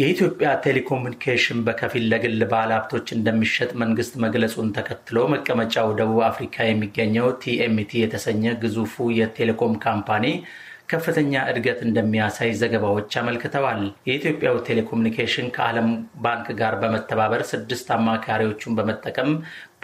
የኢትዮጵያ ቴሌኮሙኒኬሽን በከፊል ለግል ባለሀብቶች እንደሚሸጥ መንግስት መግለጹን ተከትሎ መቀመጫው ደቡብ አፍሪካ የሚገኘው ቲኤምቲ የተሰኘ ግዙፉ የቴሌኮም ካምፓኒ ከፍተኛ እድገት እንደሚያሳይ ዘገባዎች አመልክተዋል። የኢትዮጵያው ቴሌኮሙኒኬሽን ከዓለም ባንክ ጋር በመተባበር ስድስት አማካሪዎቹን በመጠቀም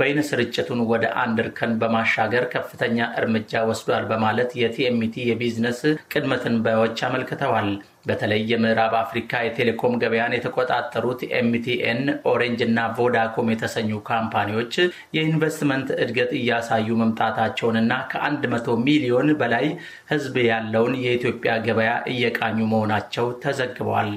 በይነ ስርጭቱን ወደ አንድ እርከን በማሻገር ከፍተኛ እርምጃ ወስዷል በማለት የቲኤምቲ የቢዝነስ ቅድመ ትንበያዎች አመልክተዋል። በተለይ የምዕራብ አፍሪካ የቴሌኮም ገበያን የተቆጣጠሩት ኤምቲኤን፣ ኦሬንጅ እና ቮዳኮም የተሰኙ ካምፓኒዎች የኢንቨስትመንት እድገት እያሳዩ መምጣታቸውንና ከ100 ሚሊዮን በላይ ሕዝብ ያለውን የኢትዮጵያ ገበያ እየቃኙ መሆናቸው ተዘግበዋል።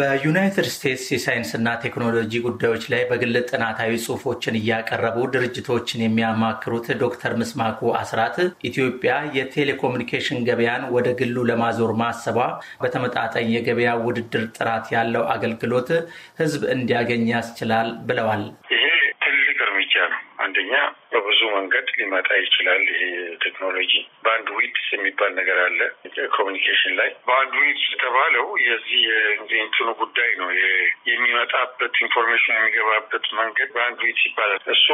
በዩናይትድ ስቴትስ የሳይንስና ቴክኖሎጂ ጉዳዮች ላይ በግል ጥናታዊ ጽሑፎችን እያቀረቡ ድርጅቶችን የሚያማክሩት ዶክተር ምስማኩ አስራት ኢትዮጵያ የቴሌኮሙኒኬሽን ገበያን ወደ ግሉ ለማዞር ማሰቧ በተመጣጣኝ የገበያ ውድድር ጥራት ያለው አገልግሎት ሕዝብ እንዲያገኝ ያስችላል ብለዋል። መንገድ ሊመጣ ይችላል። ይሄ ቴክኖሎጂ በአንድ ዊድስ የሚባል ነገር አለ ኮሚኒኬሽን ላይ በአንድ ዊድስ የተባለው የዚህ የእንትኑ ጉዳይ ነው። የሚመጣበት ኢንፎርሜሽን የሚገባበት መንገድ በአንድ ዊድስ ይባላል። እሱ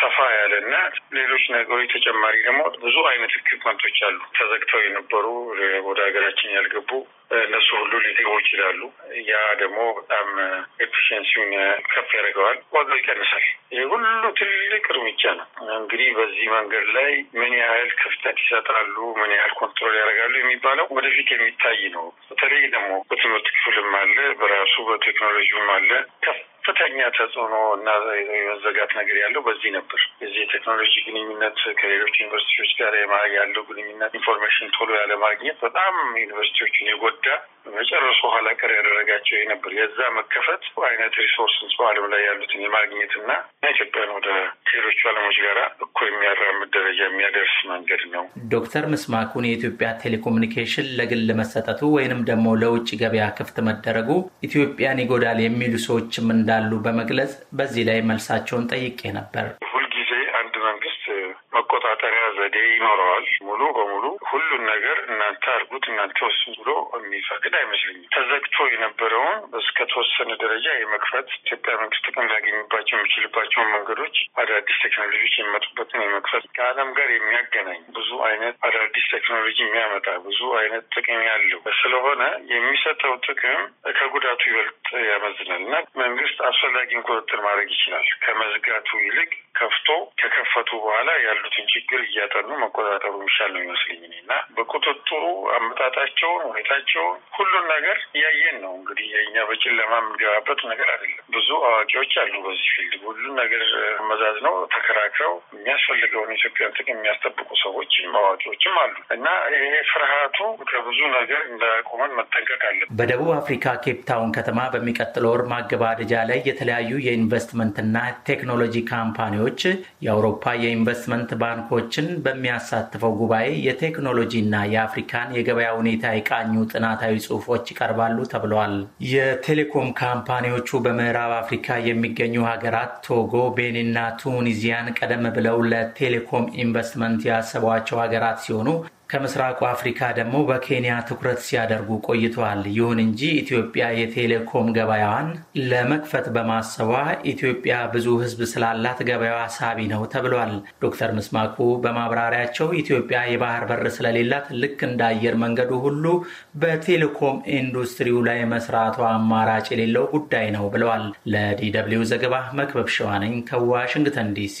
ሰፋ ያለ እና ሌሎች ነገሮች ተጨማሪ ደግሞ ብዙ አይነት ኢኩፕመንቶች አሉ። ተዘግተው የነበሩ ወደ ሀገራችን ያልገቡ እነሱ ሁሉ ሊገቡ ይችላሉ። ያ ደግሞ በጣም ኤፊሽንሲውን ከፍ ያደርገዋል፣ ዋጋው ይቀንሳል። ይህ ሁሉ ትልቅ እርምጃ ነው እንግዲህ ስለዚህ በዚህ መንገድ ላይ ምን ያህል ክፍተት ይሰጣሉ፣ ምን ያህል ኮንትሮል ያደርጋሉ የሚባለው ወደፊት የሚታይ ነው። በተለይ ደግሞ በትምህርት ክፍልም አለ፣ በራሱ በቴክኖሎጂውም አለ ከፍ ከፍተኛ ተጽዕኖ እና የመዘጋት ነገር ያለው በዚህ ነበር። የዚህ የቴክኖሎጂ ግንኙነት ከሌሎች ዩኒቨርሲቲዎች ጋር ያለው ግንኙነት ኢንፎርሜሽን ቶሎ ያለማግኘት በጣም ዩኒቨርሲቲዎችን የጎዳ መጨረሱ ኋላ ቀር ያደረጋቸው ይሄ ነበር። የዛ መከፈት አይነት ሪሶርስን በዓለም ላይ ያሉትን የማግኘት እና ኢትዮጵያን ወደ ሌሎቹ ዓለሞች ጋር እኮ የሚያራምድ ደረጃ የሚያደርስ መንገድ ነው። ዶክተር ምስማኩን የኢትዮጵያ ቴሌኮሙኒኬሽን ለግል መሰጠቱ ወይንም ደግሞ ለውጭ ገበያ ክፍት መደረጉ ኢትዮጵያን ይጎዳል የሚሉ ሰዎችም እንዳ እንዳሉ በመግለጽ በዚህ ላይ መልሳቸውን ጠይቄ ነበር። ዘዴ ይኖረዋል። ሙሉ በሙሉ ሁሉን ነገር እናንተ አድርጉት እናንተ ወስኑ ብሎ የሚፈቅድ አይመስለኝም። ተዘግቶ የነበረውን እስከ ተወሰነ ደረጃ የመክፈት ኢትዮጵያ መንግስት ጥቅም ሊያገኝባቸው የሚችልባቸውን መንገዶች አዳዲስ ቴክኖሎጂዎች የሚመጡበትን የመክፈት ከዓለም ጋር የሚያገናኝ ብዙ አይነት አዳዲስ ቴክኖሎጂ የሚያመጣ ብዙ አይነት ጥቅም ያለው ስለሆነ የሚሰጠው ጥቅም ከጉዳቱ ይበልጥ ያመዝናል እና መንግስት አስፈላጊውን ቁጥጥር ማድረግ ይችላል ከመዝጋቱ ይልቅ ከፍቶ ከከፈቱ በኋላ ያሉትን ችግር እያጠኑ መቆጣጠሩ የሚሻል ነው ይመስልኝ እና በቁጥጥሩ አመጣጣቸውን፣ ሁኔታቸውን፣ ሁሉን ነገር እያየን ነው። እንግዲህ የእኛ በጨለማ የምንገባበት ነገር አይደለም። ብዙ አዋቂዎች አሉ በዚህ ፊልድ ሁሉን ነገር መዛዝ ነው ተከራክረው የሚያስፈልገውን ኢትዮጵያን ጥቅም የሚያስጠብቁ ሰዎችም አዋቂዎችም አሉ እና ይሄ ፍርሃቱ ከብዙ ነገር እንዳያቆመን መጠንቀቅ አለ። በደቡብ አፍሪካ ኬፕታውን ከተማ በሚቀጥለው ወር ማገባደጃ ላይ የተለያዩ የኢንቨስትመንትና ቴክኖሎጂ ካምፓኒዎች ባንኮች የአውሮፓ የኢንቨስትመንት ባንኮችን በሚያሳትፈው ጉባኤ የቴክኖሎጂና የአፍሪካን የገበያ ሁኔታ የቃኙ ጥናታዊ ጽሑፎች ይቀርባሉ ተብለዋል። የቴሌኮም ካምፓኒዎቹ በምዕራብ አፍሪካ የሚገኙ ሀገራት ቶጎ፣ ቤኒና ቱኒዚያን ቀደም ብለው ለቴሌኮም ኢንቨስትመንት ያሰቧቸው ሀገራት ሲሆኑ ከምስራቁ አፍሪካ ደግሞ በኬንያ ትኩረት ሲያደርጉ ቆይተዋል። ይሁን እንጂ ኢትዮጵያ የቴሌኮም ገበያዋን ለመክፈት በማሰቧ ኢትዮጵያ ብዙ ሕዝብ ስላላት ገበያዋ ሳቢ ነው ተብሏል። ዶክተር ምስማኩ በማብራሪያቸው ኢትዮጵያ የባህር በር ስለሌላት ልክ እንደ አየር መንገዱ ሁሉ በቴሌኮም ኢንዱስትሪው ላይ መስራቷ አማራጭ የሌለው ጉዳይ ነው ብለዋል። ለዲ ደብልዩ ዘገባ መክበብ ሸዋነኝ ከዋሽንግተን ዲሲ